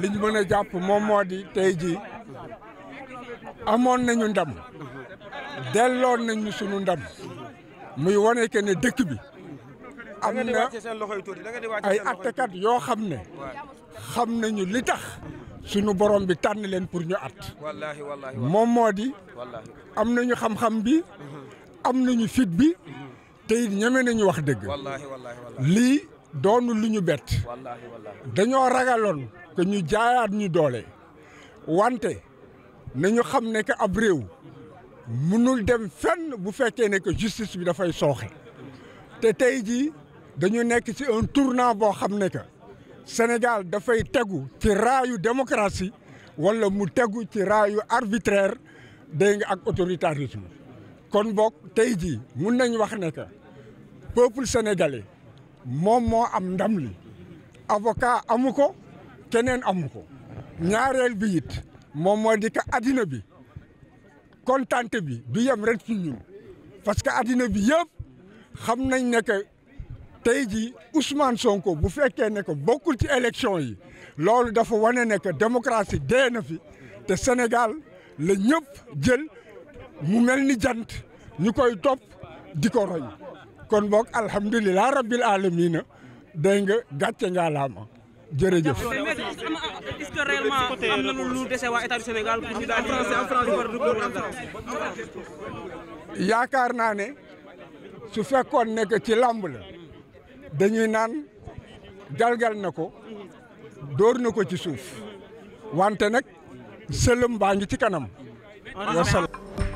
li ñu mën a jàpp moom moo di tey jii amoon nañu ndam delloon nañu sunu ndam muy wane que ne dëkk bi am na ay attekat yoo xam ne xam nañu li tax sunu borom bi tànn leen pour ñu at moom moo di am nañu xam-xam bi am nañu fit bi te it ñeme nañu wax dëgg lii doonu lu ñu bett dañoo ragaloon que ñu jaayaat ñu doole wante nañu xam ne que ab réew mënul dem fenn bu fekkee ne que justice bi dafay sooxe te tey jii dañu nekk ci un tournant boo xam ne que Sénégal dafay tegu ci raayu démocratie wala mu tegu ci raayu arbitraire dégg nga ak autoritarisme kon boog tey jii mun nañ wax ne que peuple sénégalais moom moo am ndam li avocat amu ko keneen amu ko ñaareel bi it moom moo di que addina bi kontante bi du yem rek ci ñun parce que addina bi yëpp xam nañ ne que tey jii Ousmane Sonko bu fekkee ne que bokkul ci élection yi loolu dafa wane nekk que démocratie na fi te Sénégal la ñëpp jël. mu mel ni jant ñu koy topp di ko roy kon boog alhamdulilah rabbil alamina day nga gàcce ngaa laama jërëjëf. yaakaar naa ne su fekkoon ne ci làmb la dañuy naan galgal na ko dóor na ko ci suuf wante nag sëlëm baa ngi ci kanam. wasalaam